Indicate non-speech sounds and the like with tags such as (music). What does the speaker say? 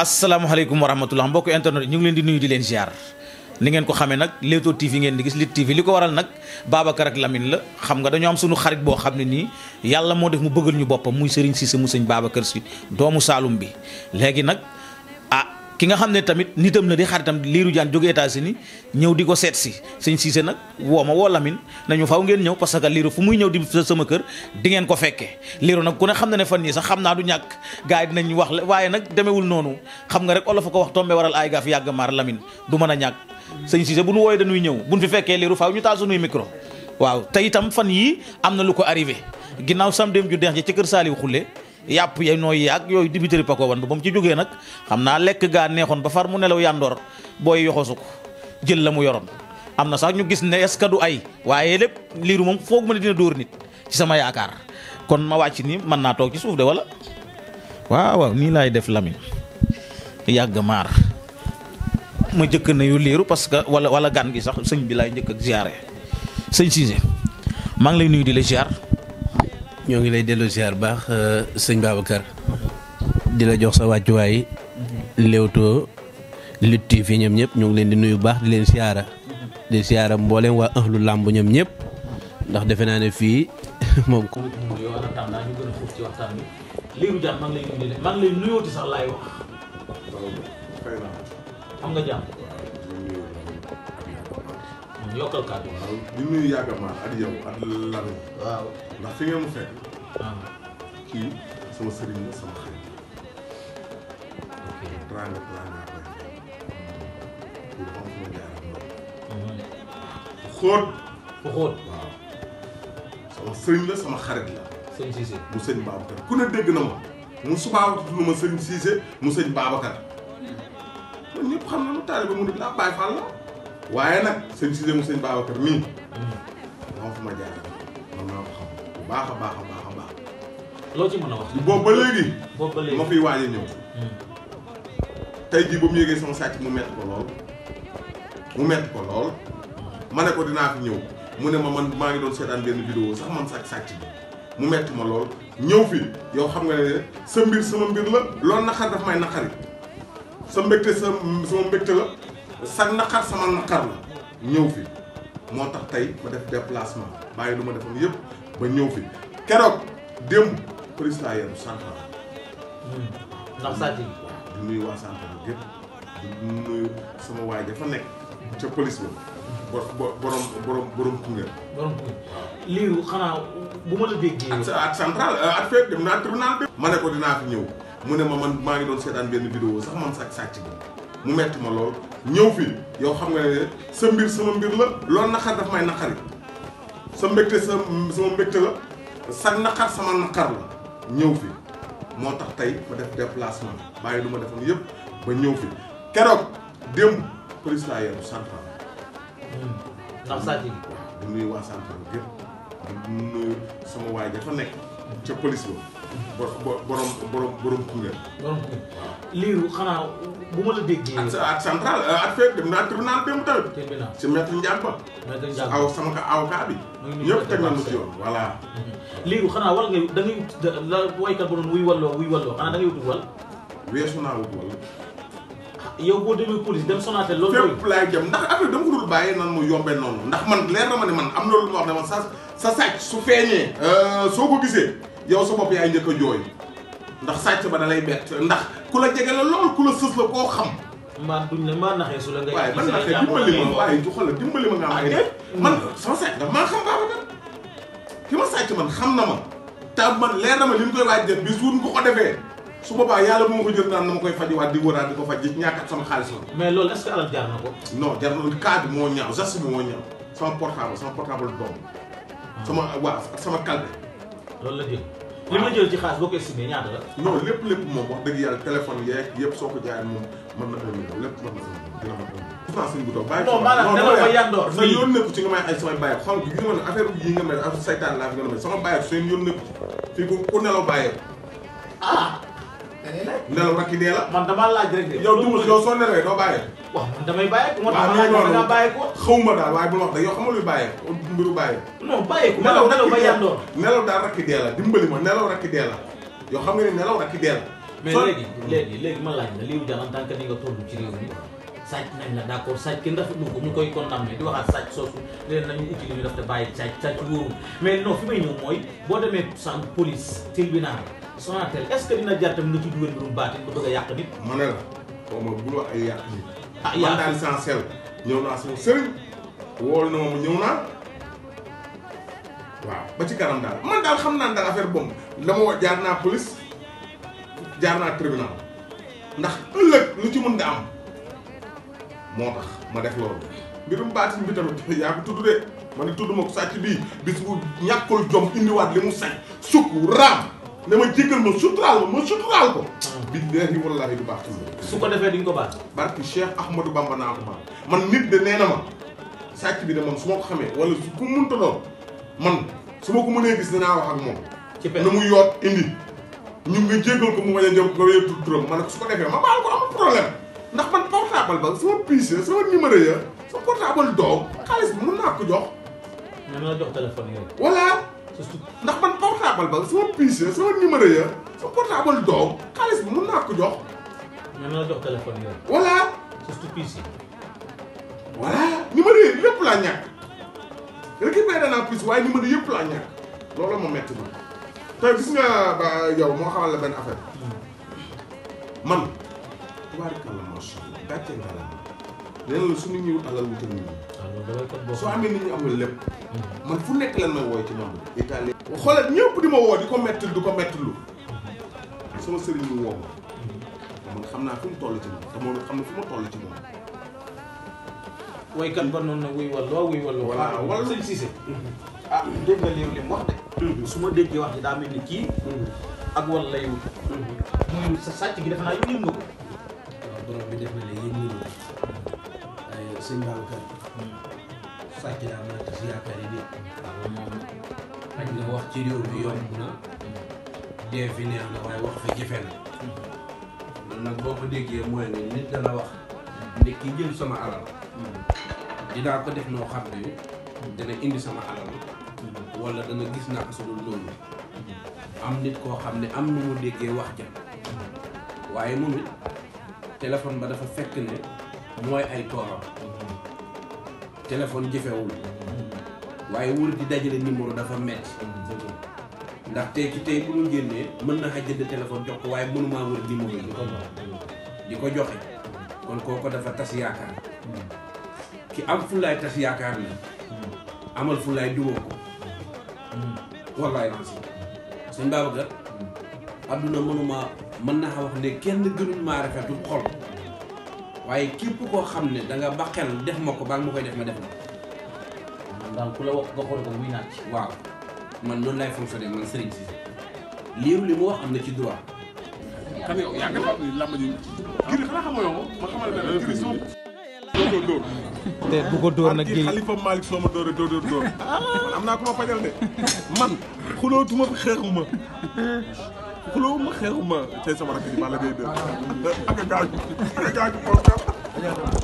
asalaamaaleykum wa rahmatulah mbokk internet ñu ngi leen di nuyu di leen ziar ni ngeen ko xame nag Leewtoo TV ngeen di gis Lutte TV li ko waral nag Babacar ak Lamine la xam nga dañoo am suñu xarit boo xam ne nii yàlla moo def mu bëggal ñu boppam muy Serigne Cissé mu sëñ Babacar si doomu Saalum bi léegi nag. ki nga xam ne tamit nitam la di xaritam liiru jaan jóge États-Unis ñëw di ko seet si sëñ Cissé nag woo woo Lamine nañu faw ngeen ñëw parce que liiru fu muy ñëw di sama kër di ko fekkee liiru nag ku ne xam ne fan yii sax xam naa du ñàkk gars yi dinañ wax la waaye nag demewul noonu xam nga rek olof a ko wax tombe waral ay gaaf yàgg maar Lamine du mën a ñàkk sëñ Cissé bu nu wooyee dañuy ñëw buñ fi fekkee liiru faaw ñu taal suñuy micro waaw te yàpp ya nooy ak yooyu dibiteri pako wan ba ba mu ci jógee nag xam naa lekk gaa neexoon ba far mu nelaw yàndoor booy yoxosu ko jël la mu yoroon am na sax ñu gis ne ay waaye lépp liiru moom foog ma ne dina dóor nit ci sama yaakaar kon ma wàcc ni mën naa toog ci suuf de wala waaw waaw nii laay def Lamine yàgg maar ma jëkk na yu liiru parce que wala wala gan gi sax sëñ bi laay njëkk ak ziare sëñ Cissé maa ngi lay nuyu di la ziar. ñoo ngi lay dellu ziar baax euh, sëñ Babacar di la jox sa wàccuwaay Leewtoo Lutte TV ñoom ñëpp ñoo ngi leen di nuyu baax di leen siyaara di siyaara mbooleem waa ahlu làmb ñoom ñëpp ndax defe naa ne fii (laughs) moom ko yokkal kàddu waaw di nuyu yàgga maar ak yow ak ndax fi ngeen mu fekk kii ah. sama sëriñ la sama xarit bu xóot waaw sama la mu sëñ Babacar ku ne dégg na ma mu subaawatu lu ma sëñ Cissé mu sëñ Babacar hmm. man ñëpp xam na ma taaliba mu nit laa Baay Faal la waaye nag sëñ Cissé mu sëñ Babacar mii moom fu ma jaar man maa ko xam bu baax a baax a baax a baax. ci a wax. boobu ba léegi. ma fiy waaj ñëw. Hmm. tey jii ba mu yëgee sama sàcc mu mett ko lool mu mett ko lool ma ne ko dinaa fi ñëw mu ne ma man maa ngi doon seetaan benn vidéo sax man sàcc sàcc mu mett ma lool ñëw fii yow xam nga ne sa mbir sama mbir la loolu naqar daf may naqari sa mbégte sa sama mbégte la. sag naqar sama naqar la ñëw fi moo tax tey ma def déplacement bàyyi lu ma defoon yëpp ba ñëw fi keroog démb police laa yeru santal ndax sàcc yi waaw di nuyu waa santal gépp di nuyu sama waay ja nekk ca police ba bo borom borom borom Koungheul. borom Koungheul lii xanaa bu ma la déggee. ak ak central euh, ak fépp dem naa tribunal bi. ma ne ko dinaa fi ñëw mu ne ma man maa ngi doon seetaan benn vidéo sax man sàcc sàcc bi. mu metti ma lool ñëw fi yow xam nga ne sa mbir sama mbir la loolu naqar daf may naqari sa mbégte sa sama mbégte la sa naqar sama naqar la ñëw fi moo tax tey ma def déplacement bàyyi lu ma defoon yëpp ba ñëw fi keroog démb police laa yeewu central hmm. ndax sàcc gi waaw di nuyu waa central yëpp sama waay dafa nekk ca police ba borom bo borom kuréel. borom kuréel liiru xanaa bu ma la déggee. ak central euh, ak fépp dem naa tribunal démb tamit. tribunal si maître Ndiamba. maître Ndiamba aw sama avocat (laughs) xanaa war da ngay la woykat ba doon wuy walloo weesu naa wut wal. Ah, boo demee police dem Sonatel loolu. fépp laay dama ko dul bàyyi nan mu yombee noonu ndax man leer na ma ne man am na loolu ma wax ne man sa sa sàcc su feeñee. Euh, soo ko gisee. yow sa bopp yaay njëkk a jooy ndax sàcc ba da lay bett ndax ku la jege la lool ku la sës la koo xam. maa duñ la maa naxee su la ngay. waaye man naxee dimbali ma waaye xoolal dimbali ma nga am ay man sama sàcc daf maa xam Babacar ki ma sàcc na ma te man leer na ma li ñu koy waaj jël bis ko ko defee su boobaa yàlla bu ma ko jël naan na ma koy fajiwaat di di ko faj di ñàkk sama xaalis la. mais loolu est-ce que alal jaar na ko. moo ñaaw geste bi moo ñaaw sama portable sama portable doom sama waaw sama calme. loolu la jël. li ma jël ci xaalis boo ko estimé ñaata la. non lépp moom wax dëgg yàlla téléphone soo ko jaayee moom mën na un million lépp mën na dina ma un. pourtant suñu bu doon bàyyi. non maanaam dama ko yàndoor sa yoon nekku ci nga may ay ne affaire fi ku nelaw bàyyi nelaw rakki dee la. man damaa laaj rek yow du yow soo nelawee doo bàyyi. man damay bàyyi ko. ma daal waaye bu la wax de yow xamal luy bàyyi mbiru bàyyi. non bàyyi ko nelaw nelaw ba yàndoor. nelaw daal rakki dee la dimbali ma nelaw rakki dee la yow xam nga ne nelaw rakki dee la. mais léegi léegi ma laaj la Liiru Jaan en tant que ni nga toll ci réew mi sàcc nañ la d'accord sàcc kenn rafetlu ko ñu koy condamné di waxaat sàcc soosu leen nañu uti li ñu def te bàyyi sàcc sàcc wóorul mais non fi may ñëw mooy boo demee sa police tribunal Sonatel est-ce que dina jar tamit nga a yàq nit. la xaw ma bul ay yàq nit. ah man daal l'essentiel ñëw naa sama sëriñ wool na ma mu naa waaw ba ci kanam daal man daal xam naa daal affaire boobu la ma jaar naa police jaar naa tribunal ndax ëllëg lu ci mën da am moo tax ma def loolu mbirum baatin bi tamit yaa tudd de ma tudd ma ko sàcc bii bis ñàkkul jom indiwaat li mu sañ sukk raam. ne ma jéggal ma suturaal ma ma suturaal ko. Hmm. billahi wallahi du baax ci su ko defee di nga ko baax. barki Cheikh Ahmadou Bamba naa ko baax man nit de nee na ma sàcc bi de man su ma ko xamee wala su ku munta doon man su ma ko mënee gis dinaa wax ak moom. ci na mu yoot indi ñu ngi jéggal ko mu bañ a jëm nga wéy turam ma su ko defee ma baal ko amul problème ndax man portable ba sama pièce ya sama numéro ya sama portable doom xaalis bi mën naa ko jox. mën ndax man portable ba sama piis ya sama numéro ya sama portable doom xaalis bi mun naa ko jox. nan la jox téléphone yooyu. voilà. surtout piis yi. voilà numéro piis waaye numéro yëpp laa ñàkk loolu ma metti ma tey gis nga ba yow moo xamal la benn affaire hmm. man tubaarikàlla moo sori gàcce nga la léegi la su nit ñi wut alal wutal nit ñi. Ah, soo amee nit ñi amul lépp. Mhm. man fu nekk lan may wooy ci man bi. itaale xoolal ñëpp di ma woo di ko metti du ko métti lu. Mhm. sama sëriñ bi woo ma. Mhm. man xam naa fi toll ci moom xam na fi ma toll ci moom. woykat ba noonu nag wuy wàllu waaw wuy wàllu. voilà wala sëñ Cissé. ah dégg nga li mu wax de. su ma déggee wax ji daa mel ni kii. ak wàll lay wut. muy sa sàcc gi defe naa yëngu na ko. sëñ Babacar sàcc daal mën a tas yaakaar yi nit waaw moom na wax ci réew mi yomb na dee fi neex na waaye wax fa jafe na mooy ne nit dana wax ne ki dinaa ko def noo xam ne dana indi sama alal wala dana gis naa ko sunu loolu am nit koo xam ne am nu mu déggee wax ja waaye moom it ba dafa fekk ne mooy ay tooram téléphone jëfewul waaye wër di dajale numéro dafa metti ndax tey tey bu ñu mën na xaj jënd téléphone jox ko waaye mënuma wër numéro yi di ko joxe kon kooko dafa tas yaakaar ki am fulaay tas yaakaar la amal fulaay duwoo ko wallaay lansi suñ Babacar adduna mënuma mën naa wax ne kenn gënuñ maa rafetu xol waaye képp koo xam ne danga nga ba xel def ma ko baa nga ma koy def ma def ma man daal ku la wax nga xool ko man loolu laay fonctionné li mu wax am na ci droit xam yow ko dóor nag gi xalifa Malick soo ma dóor dóor am naa ku de man xulootuma xeexuma xulóo ma xeexu ma cay sama rakk ji Balla Gaye 2 ak gaañu ak